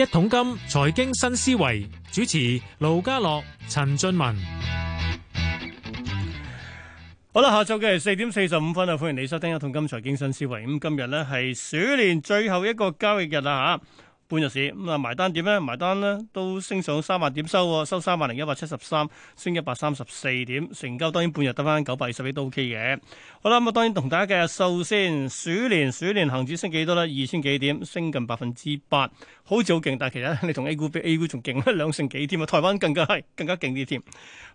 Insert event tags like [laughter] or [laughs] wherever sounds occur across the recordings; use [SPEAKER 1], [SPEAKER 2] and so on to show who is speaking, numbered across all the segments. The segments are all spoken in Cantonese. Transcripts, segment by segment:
[SPEAKER 1] 一桶金財經新思維，主持盧家樂、陳俊文。好啦，下晝嘅四點四十五分啊，歡迎你收聽一桶金財經新思維。咁今日呢係鼠年最後一個交易日啦，吓。半日市咁啊，嗯，埋單點咧？埋單咧都升上三萬點收，收三萬零一百七十三，升一百三十四點。成交當然半日得返九百二十億都 O K 嘅。好啦，咁，嗯，啊，當然同大家計下數先。鼠年鼠年恒指升幾多咧？二千幾點？升近百分之八，好似好勁。但係其實你同 A 股比，A 股仲勁咧，兩 [laughs] 成幾添啊？台灣更加係更加勁啲添。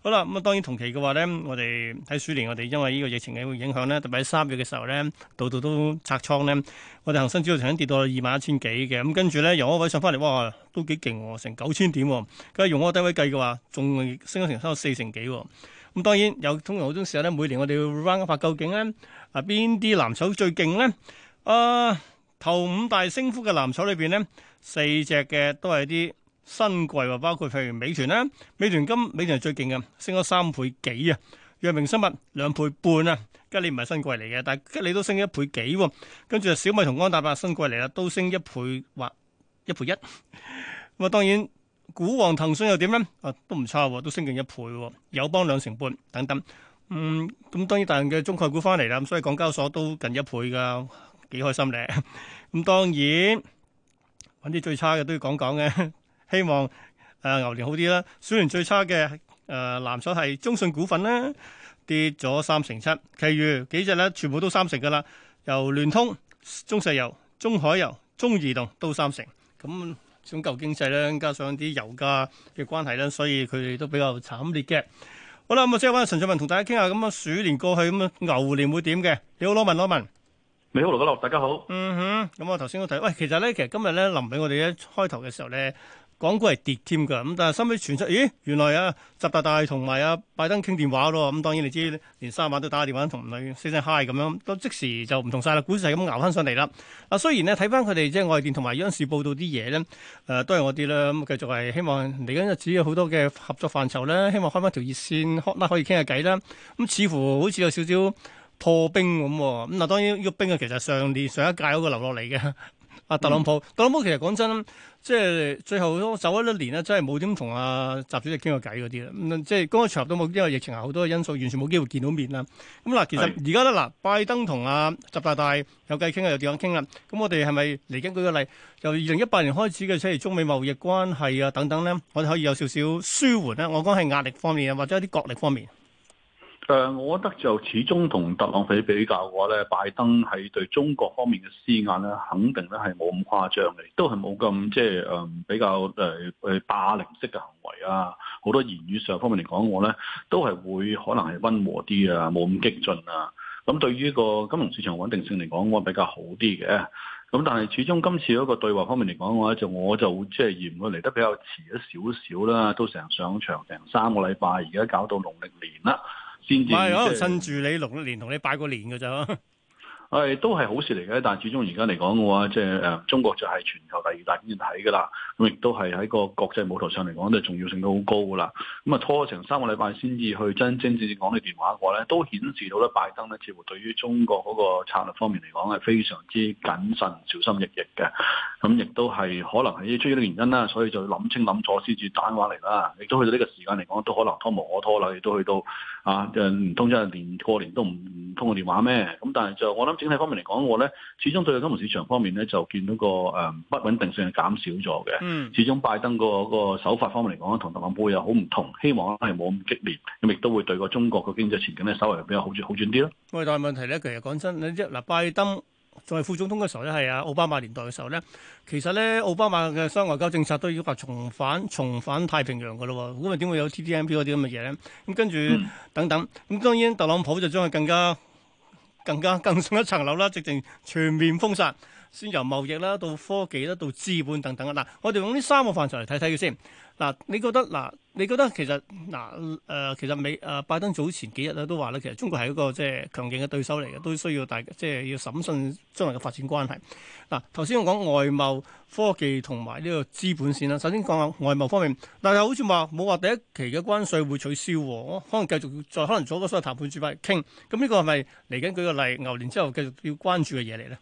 [SPEAKER 1] 好啦，咁，嗯，啊，當然同期嘅話咧，我哋喺鼠年我哋因為呢個疫情嘅影響咧，特別喺三月嘅時候咧，度度都，都拆倉咧，我哋恒生指數曾經跌到二萬一千幾嘅。咁跟住咧嗰位上翻嚟，哇，都幾勁喎！成九千點，咁用我低位計嘅話，仲升咗成三四成幾。咁當然有，通常好多時候咧，每年我哋去 run 一拍，究竟咧啊邊啲藍籌最勁咧？啊，頭五大升幅嘅藍籌裏邊咧，四隻嘅都係啲新貴喎，包括譬如美團啦，美團今，美團最勁嘅，升咗三倍幾啊。藥明生物兩倍半啊，吉利唔係新貴嚟嘅，但係吉利都升一倍幾喎。跟住小米同安踏啊，新貴嚟啦，都升一倍或。一倍一，咁啊，當然股王騰訊又點咧？啊，都唔差，都升近一倍。友邦兩成半等等，嗯，咁當然大嘅中概股翻嚟啦。咁所以港交所都近一倍噶，幾開心咧。咁當然揾啲最差嘅都要講講嘅。希望誒牛年好啲啦。鼠年最差嘅誒藍籌係中信股份啦，跌咗三成七。其餘幾隻咧，全部都三成噶啦。由聯通、中石油、中海油、中移動都三成。咁咁舊經濟咧，加上啲油價嘅關係咧，所以佢哋都比較慘烈嘅。好啦，咁啊，即係揾陳俊文同大家傾下。咁啊，鼠年過去，咁啊，牛年會點嘅？你好，羅文。羅文，
[SPEAKER 2] 你好，羅文，大家好。
[SPEAKER 1] 嗯哼，咁我頭先都睇，喂，其實咧，其實今日咧，臨喺我哋一開頭嘅時候咧。港股係跌添噶，咁但係收尾傳出，咦，原來啊，習大大同埋啊拜登傾電話咯，咁當然你知，連卅晚都打電話同佢聲聲 hi 咁樣，都即時就唔同晒啦，股市係咁熬翻上嚟啦。啊，雖然咧睇翻佢哋即係外電同埋央視報道啲嘢咧，誒、呃、都係我啲啦，咁繼續係希望嚟緊日子有好多嘅合作範疇啦，希望開翻條熱線，可可以傾下偈啦。咁似乎好似有少少破冰咁，咁嗱當然呢個冰啊，其實上年上一屆嗰個留落嚟嘅。啊，特朗普，嗯、特朗普其實講真，即係最後都走咗一,一年啦，真係冇點同阿習主席傾過偈嗰啲啦。即係公開場合都冇，因為疫情係好多因素，完全冇機會見到面啦。咁、啊、嗱，其實而家咧嗱，拜登同阿習大大有偈傾啦，又點樣傾啦？咁、啊嗯、我哋係咪嚟緊舉個例？由二零一八年開始嘅，例如中美貿易關係啊等等咧，我哋可以有少少舒緩咧。我講係壓力方面啊，或者一啲國力方面。
[SPEAKER 2] 誒，我覺得就始終同特朗普比較嘅話咧，拜登喺對中國方面嘅施壓咧，肯定咧係冇咁誇張嘅，都係冇咁即係誒比較誒誒霸凌式嘅行為啊，好多言語上方面嚟講，我咧都係會可能係溫和啲啊，冇咁激進啊。咁對於個金融市場穩定性嚟講，我係比較好啲嘅。咁但係始終今次嗰個對話方面嚟講嘅話，就我就即係嫌佢嚟得比較遲咗少少啦，都成上場成三個禮拜，而家搞到農曆年啦。唔係，我趁
[SPEAKER 1] 住你農曆年同你拜過年噶咋。
[SPEAKER 2] 誒，都係好事嚟嘅，但係始終而家嚟講嘅話，即係誒，中國就係全球第二大經濟體噶啦，咁亦都係喺個國際舞台上嚟講，咧重要性都好高噶啦。咁啊，拖成三個禮拜先至去真真正正正講呢段話嘅話咧，都顯示到咧拜登呢，似乎對於中國嗰個策略方面嚟講係非常之謹慎、小心翼翼嘅。咁亦都係可能係啲出於啲原因啦，所以就諗清諗楚先至打電話嚟啦。亦都去到呢個時間嚟講，都可能拖無可拖啦，亦都去到啊，唔通真係連過年都唔通過電話咩？咁但係就我諗。整體方面嚟講，我咧始終對金融市場方面咧就見到個誒不穩定性係減少咗嘅。嗯嗯、始終拜登個個手法方面嚟講，同特朗普又好唔同，希望係冇咁激烈，咁亦都會對個中國嘅經濟前景咧稍為比較好轉好轉啲咯。
[SPEAKER 1] 喂，但係問題咧，其實講真，嗱，拜登作為副總統嘅時候咧，係啊，奧巴馬年代嘅時候咧，其實咧，奧巴馬嘅雙外交政策都已經話重返重返太平洋噶啦，咁啊點會有 TDMP 嗰啲咁嘅嘢咧？咁跟住、嗯、等等，咁當然特朗普就將佢更加。更加更上一層樓啦，直情全面封殺。先由貿易啦，到科技啦，到資本等等啊！嗱，我哋用呢三個範疇嚟睇睇佢先。嗱，你覺得嗱，你覺得其實嗱誒、呃，其實美誒、呃、拜登早前幾日咧都話咧，其實中國係一個即係強勁嘅對手嚟嘅，都需要大即係要審慎將來嘅發展關係。嗱，頭先我講外貿、科技同埋呢個資本線啦。首先講下外貿方面，但係好似話冇話第一期嘅關稅會取消喎，可能繼續再可能做個所謂談判主發傾。咁呢個係咪嚟緊舉個例，牛年之後繼續要關注嘅嘢嚟咧？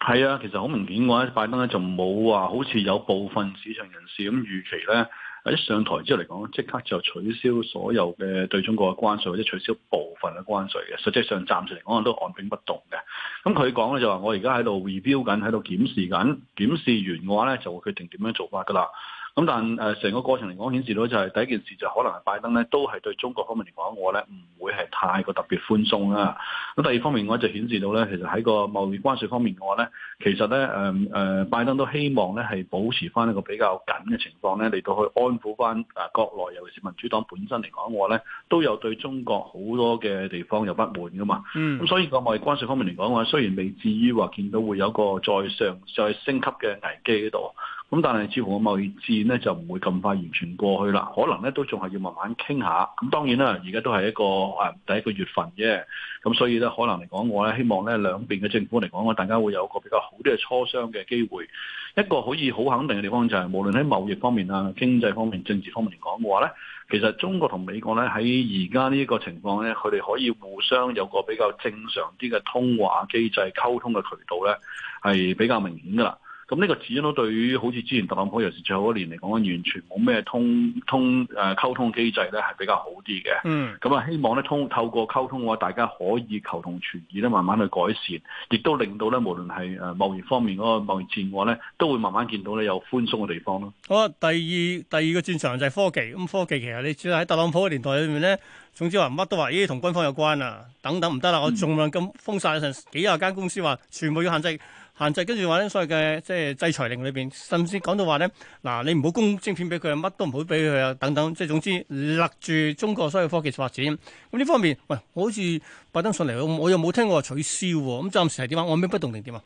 [SPEAKER 2] 係啊，其實好明顯嘅話，拜登咧就冇話好似有部分市場人士咁預期咧一上台之後嚟講，即刻就取消所有嘅對中國嘅關稅，或者取消部分嘅關稅嘅。實際上暫時嚟講，我都按兵不動嘅。咁佢講咧就話，我而家喺度 review 緊，喺度檢視緊，檢視完嘅話咧就會決定點樣做法㗎喇。咁但誒，成個過程嚟講，顯示到就係第一件事就可能係拜登咧，都係對中國方面嚟講，我咧唔會係太過特別寬鬆啦。咁第二方面我就都顯示到咧，其實喺個貿易關稅方面嘅話咧，其實咧誒誒拜登都希望咧係保持翻一個比較緊嘅情況咧嚟到去安撫翻誒，國內，尤其是民主黨本身嚟講我咧都有對中國好多嘅地方有不滿噶嘛。咁、嗯、所以個貿易關稅方面嚟講，我雖然未至於話見到會有一個再上再上升級嘅危機喺度。咁但係似乎貿易戰咧就唔會咁快完全過去啦，可能咧都仲係要慢慢傾下。咁當然啦，而家都係一個誒、啊、第一個月份啫。咁所以咧，可能嚟講，我咧希望咧兩邊嘅政府嚟講，我大家會有一個比較好啲嘅磋商嘅機會。一個可以好肯定嘅地方就係、是，無論喺貿易方面啊、經濟方面、政治方面嚟講嘅話咧，其實中國同美國咧喺而家呢一個情況咧，佢哋可以互相有個比較正常啲嘅通話機制、溝通嘅渠道咧，係比較明顯㗎喇。咁呢個始終都對於好似之前特朗普尤其最後一年嚟講，完全冇咩通通誒溝通機制咧，係比較好啲嘅。嗯，咁啊，希望咧通透過溝通嘅話，大家可以求同存異咧，慢慢去改善，亦都令到咧無論係誒貿易方面嗰個貿易戰嘅話咧，都會慢慢見到咧有寬鬆嘅地方咯。
[SPEAKER 1] 好啊，第二第二個戰場就係科技，咁科技，科技其實你主要喺特朗普嘅年代裏面咧，總之話乜都話咦同軍方有關啊，等等，唔得啦，嗯、我盡量咁封晒成幾廿間公司話全部要限制。限制跟住話咧，所謂嘅即係制裁令裏邊，甚至講到話咧，嗱你唔好供晶片俾佢啊，乜都唔好俾佢啊，等等，即係總之勒住中國所有科技發展。咁呢方面，喂，好似拜登上嚟，我又冇聽過話取消喎。咁暫時係點啊？按兵不動定點啊？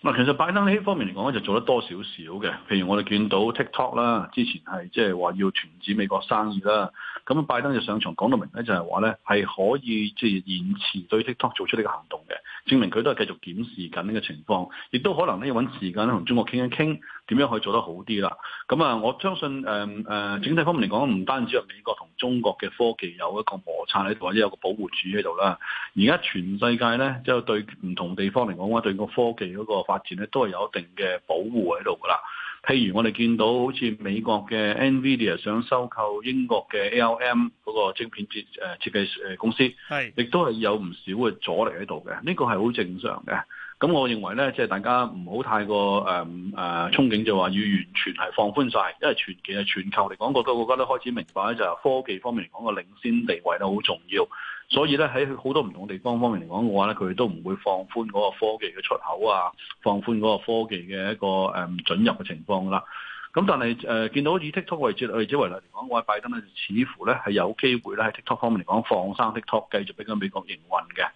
[SPEAKER 2] 嗱，其實拜登呢方面嚟講咧，就做得多少少嘅。譬如我哋見到 TikTok 啦，之前係即係話要停止美國生意啦，咁拜登就上場講到明咧，就係話咧係可以即係延遲對 TikTok 做出呢個行動嘅，證明佢都係繼續檢視緊呢個情況，亦都可能咧要搵時間咧同中國傾一傾。點樣可以做得好啲啦？咁啊，我相信誒誒、嗯呃，整體方面嚟講，唔單止係美國同中國嘅科技有一個摩擦喺度，或者有個保護主義喺度啦。而家全世界咧，即係對唔同地方嚟講咧，對個科技嗰個發展咧，都係有一定嘅保護喺度噶啦。譬如我哋見到好似美國嘅 Nvidia 想收購英國嘅 ARM 嗰個晶片設誒設計誒公司，係亦是都係有唔少嘅阻力喺度嘅。呢、這個係好正常嘅。咁我認為咧，即係大家唔好太過誒誒憧憬，就話要完全係放寬晒。因為前期啊，全球嚟講，好多國家都開始明白咧，就科技方面嚟講個領先地位都好重要，所以咧喺好多唔同地方方面嚟講嘅話咧，佢都唔會放寬嗰個科技嘅出口啊，放寬嗰個科技嘅一個誒准入嘅情況㗎啦。咁但係誒見到以 TikTok 為主為主為例嚟講，我拜登咧似乎咧係有機會咧喺 TikTok 方面嚟講放生 TikTok，繼續俾個美國營運嘅。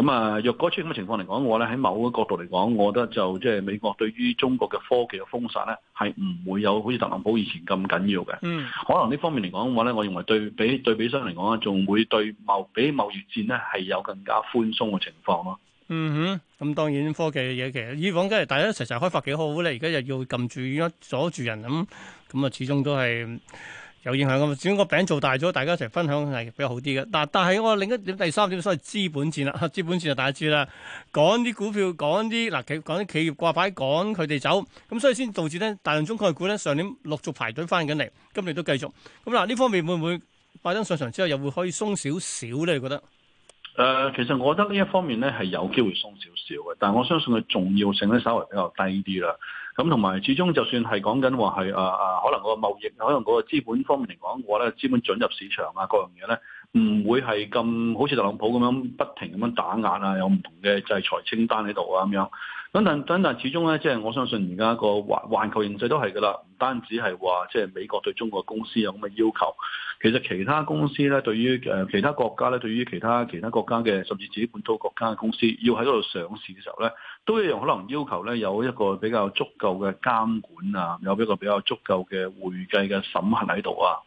[SPEAKER 2] 咁啊，若果出現咁嘅情況嚟講，我咧喺某一個角度嚟講，我覺得就即係美國對於中國嘅科技嘅封殺咧，係唔會有好似特朗普以前咁緊要嘅。嗯，可能呢方面嚟講嘅話咧，我認為對比對比相嚟講咧，仲會對貿比貿易戰咧係有更加寬鬆嘅情況咯。嗯
[SPEAKER 1] 哼，咁當然科技嘅嘢其實以往真係大家一齊齊開發幾好咧，而家又要撳住一阻住人咁，咁、嗯、啊始終都係有影響㗎嘛？只要個餅做大咗，大家一齊分享係比較好啲嘅。嗱，但係我另一點、第三點，所謂資本戰啦，資本戰就大家知啦，趕啲股票、趕啲嗱企、趕啲企業掛牌，趕佢哋走，咁所以先導致咧大量中概股咧上年陸續排隊翻緊嚟，今年都繼續。咁嗱，呢方面會唔會拜登上場之後又會可以鬆少少咧？你覺得？誒、呃，其實我覺得呢一
[SPEAKER 2] 方面咧係有機會鬆少少嘅，但係我相信佢重要性咧稍微比較低啲啦。咁同埋，始終就算係講緊話係誒誒，可能個貿易，可能個資本方面嚟講嘅話咧，資本準入市場啊，各樣嘢咧，唔會係咁好似特朗普咁樣不停咁樣打壓啊，有唔同嘅制裁清單喺度啊，咁樣。咁但，咁但，始終咧，即係我相信而家個環環球形勢都係噶啦，唔單止係話即係美國對中國公司有咁嘅要求，其實其他公司咧，對於誒其他、呃、其他國家咧，對於其他其他國家嘅甚至自己本土國家嘅公司，要喺嗰度上市嘅時候咧，都一樣可能要求咧有一個比較足夠嘅監管啊，有一個比較足夠嘅會計嘅審核喺度啊。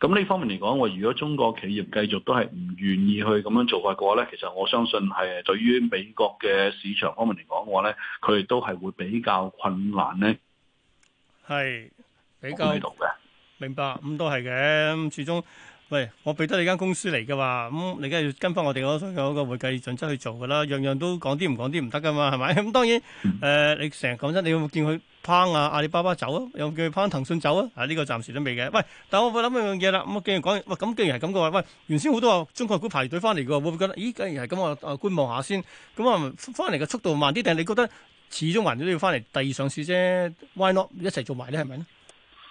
[SPEAKER 2] 咁呢方面嚟講，我如果中國企業繼續都係唔願意去咁樣做法嘅話咧，其實我相信係對於美國嘅市場方面嚟講嘅話咧，佢哋都係會比較困難咧。
[SPEAKER 1] 係比較，明白咁都係嘅，始終。喂，我俾得你間公司嚟噶嘛？咁、嗯、你梗係要跟翻我哋嗰個嗰個會計準則去做噶啦，樣樣都講啲唔講啲唔得噶嘛，係咪？咁、嗯、當然，誒、呃，你成日講真，你有冇見佢拋啊阿里巴巴走啊？有冇見佢拋騰訊走啊？啊，呢、這個暫時都未嘅。喂，但我會諗一樣嘢啦。咁我既然講，喂，咁既然係咁嘅話，喂，原先好多中國股排隊翻嚟嘅，會唔會覺得，咦，竟然係咁啊？啊，觀望下先。咁啊，翻嚟嘅速度慢啲，定係你覺得始終還都要翻嚟第二上市啫？Why not？一齊做埋咧，係咪？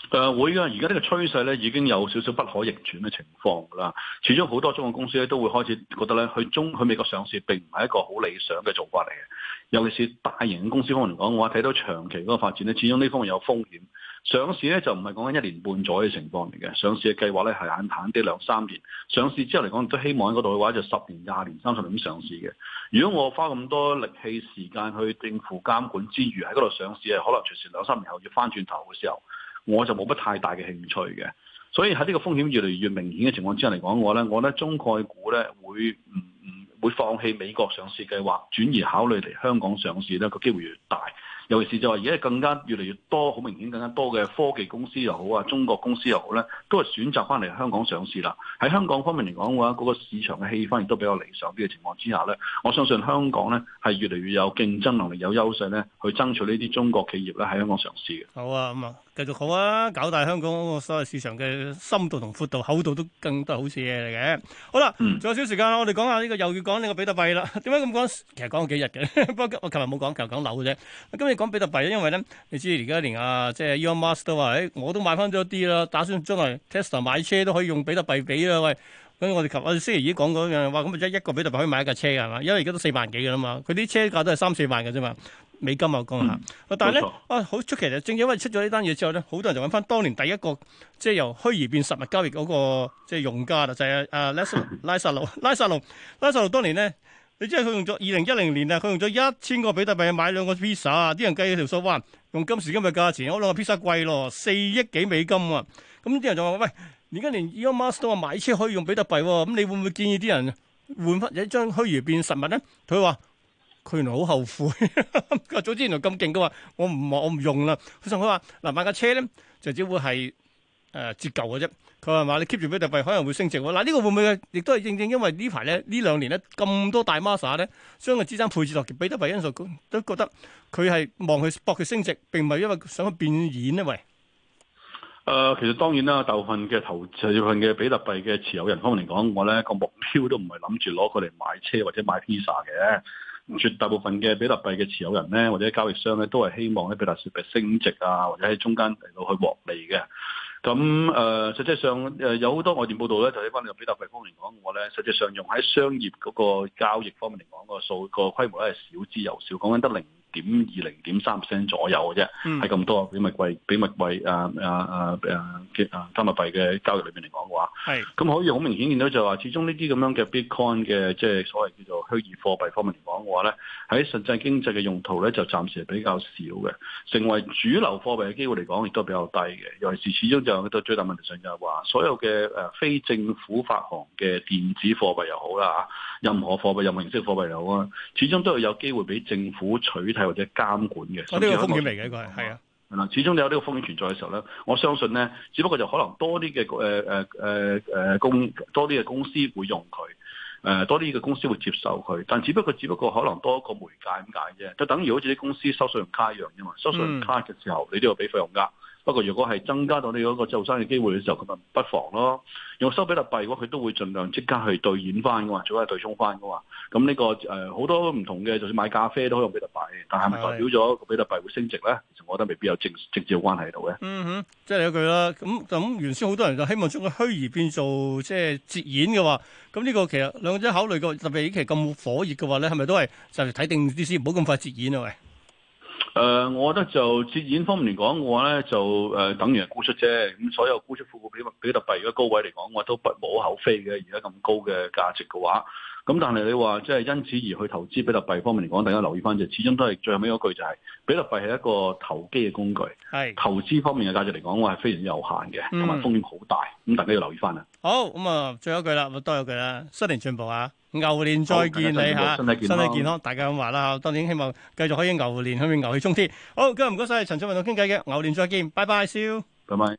[SPEAKER 2] 誒、呃、會噶，而家呢個趨勢咧已經有少少不可逆轉嘅情況啦。始終好多中國公司咧都會開始覺得咧，去中去美國上市並唔係一個好理想嘅做法嚟嘅。尤其是大型公司方面嚟講，我睇到長期嗰個發展咧，始終呢方面有風險。上市咧就唔係講緊一年半載嘅情況嚟嘅，上市嘅計劃咧係眼淡啲兩三年。上市之後嚟講都希望喺嗰度嘅話，就十年、廿年、三十年咁上市嘅。如果我花咁多力氣時間去政府監管之餘喺嗰度上市，係可能隨時兩三年後要翻轉頭嘅時候。我就冇乜太大嘅興趣嘅，所以喺呢個風險越嚟越明顯嘅情況之下嚟講，我咧，我咧中概股咧會唔唔、嗯、會放棄美國上市計劃，轉而考慮嚟香港上市咧個機會越、越大。尤其是就話，而家更加越嚟越多好明顯更加多嘅科技公司又好啊，中國公司又好咧，都係選擇翻嚟香港上市啦。喺香港方面嚟講嘅話，嗰、那個市場嘅氣氛亦都比較理想啲嘅情況之下咧，我相信香港咧係越嚟越有競爭能力、有優勢咧，去爭取呢啲中國企業咧喺香港
[SPEAKER 1] 上市嘅。好啊，咁、嗯、啊。繼續好啊！搞大香港個所謂市場嘅深度同闊度，厚度都更多好似嘢嚟嘅。好啦，仲、嗯、有少時間，我哋講下呢、這個又要講呢個比特幣啦。點解咁講？其實講咗幾日嘅，不過我琴日冇講，就講樓嘅啫。今日講比特幣，因為咧，你知而家連阿即係 Elon Musk 都話，誒、哎，我都買翻咗啲啦，打算將來 Tesla 買車都可以用比特幣俾啦。喂，咁我哋琴日哋星期已經講過一樣，話咁即係一個比特幣可以買一架車嘅係嘛？因為而家都四萬幾嘅啦嘛，佢啲車價都係三四萬嘅啫嘛。美金啊，我講下，但係咧錯啊，好出奇啊！正，正因為出咗呢單嘢之後咧，好多人就揾翻當年第一個即係、就是、由虛擬變實物交易嗰、那個即係用家啦，就係、是、啊拉薩洛，拉薩洛， [laughs] 拉薩洛，拉薩洛，當年咧，你知啊，佢用咗二零一零年啊，佢用咗一千個比特幣買兩個披薩啊！啲人計條數話，用今時今日價錢，我兩個披薩貴咯，四億幾美金啊！咁、嗯、啲人就話喂，而家連 Elon Musk 都話買車可以用比特幣喎、啊，咁、嗯、你會唔會建議啲人換翻一張虛擬變實物咧？佢話。佢原來好後悔， [laughs] 佢話早知原來咁勁，佢話我唔我唔用啦。佢同佢話嗱，買架車咧，就只會係誒折舊嘅啫。佢話嘛，你 keep 住比特幣可能會升值喎。嗱，呢個會唔會亦都係正正因為呢排咧，呢兩年咧，咁多大孖沙咧將個資產配置落比特幣因素，都覺得佢係望佢搏佢升值，並唔係因為想去變現咧？喂，
[SPEAKER 2] 誒，其實當然啦，大部分嘅投大部分嘅比特幣嘅持有人方面嚟講，我咧個目標都唔係諗住攞佢嚟買車或者買披薩嘅。嗯絕大部分嘅比特幣嘅持有人咧，或者交易商咧，都係希望咧比特幣升值啊，或者喺中間嚟到去獲利嘅。咁誒，呃，實際上誒，呃，有好多外電報道咧，就喺翻嚟比特幣方面嚟講，我咧實際上用喺商業嗰個交易方面嚟講，嗰個數個規模咧係少之又少，講緊得零點二零點三 percent 左右嘅啫，係咁多啊！比特幣比特幣啊啊啊啊嘅啊加密幣嘅交易裏面嚟講嘅話，係咁可以好明顯見到就話，始, den, ничего, dropped, 始終呢啲咁樣嘅 bitcoin 嘅即係所謂叫做虛擬貨幣方面嚟講嘅話咧，喺實際經濟嘅用途咧就暫時係比較少嘅，成為主流貨幣嘅機會嚟講亦都比較低嘅。尤其是始終就喺最最大問題上就係話，所有嘅誒非政府發行嘅電子貨幣又好啦，任何貨幣任何形式貨幣又好啊，始終都係有機會俾政府取。係或者監管嘅，嗰個風險嚟
[SPEAKER 1] 嘅，
[SPEAKER 2] 應該係啊。係啦，始終你有呢個風險存在嘅時候咧，我相信咧，只不過就可能多啲嘅誒誒誒誒公多啲嘅公司會用佢，誒、呃、多啲嘅公司會接受佢，但只不過只不過可能多一個媒介咁解啫。就等於好似啲公司收信用卡一樣啫嘛。收信用卡嘅時候，嗯、你都要俾費用㗎。不過如果係增加到你嗰個做生意機會嘅時候，咁咪不妨咯。用收比特幣嘅話，佢都會盡量即刻去兌現翻嘅嘛，做下對沖翻嘅嘛。咁呢、這個誒好、呃、多唔同嘅，就算買咖啡都可以用比特幣。但係咪代表咗個比特幣會升值咧？其實我覺得未必有正，正直接嘅關係喺度嘅。
[SPEAKER 1] 嗯哼，即係一句啦。咁咁原先好多人就希望將個虛擬變做即係折現嘅話，咁呢個其實兩者考慮過，特別呢期咁火熱嘅話咧，係咪都係就係睇定啲先，唔好咁快折現？啊？喂！
[SPEAKER 2] 誒、呃，我覺得就折現方面嚟講嘅話咧，就誒、呃、等於係沽出啫。咁所有沽出富富比比特幣如果高位嚟講，我都不無可厚非嘅。而家咁高嘅價值嘅話，咁、嗯、但係你話即係因此而去投資比特幣方面嚟講，大家留意翻就始終都係最後尾嗰句就係比特幣係一個投機嘅工具，係投資方面嘅價值嚟講，我係非常有限嘅，同埋風險好大。咁大家要留意翻啦。
[SPEAKER 1] 好，咁啊，最後一句啦，多謝佢啦，新年進步啊！牛年再見你嚇，身體健康，大家咁話啦嚇。我當然希望繼續可以牛年可以牛氣沖天。好，今日唔該晒，陳俊文同傾偈嘅，牛年再見，拜拜，少，
[SPEAKER 2] 拜拜。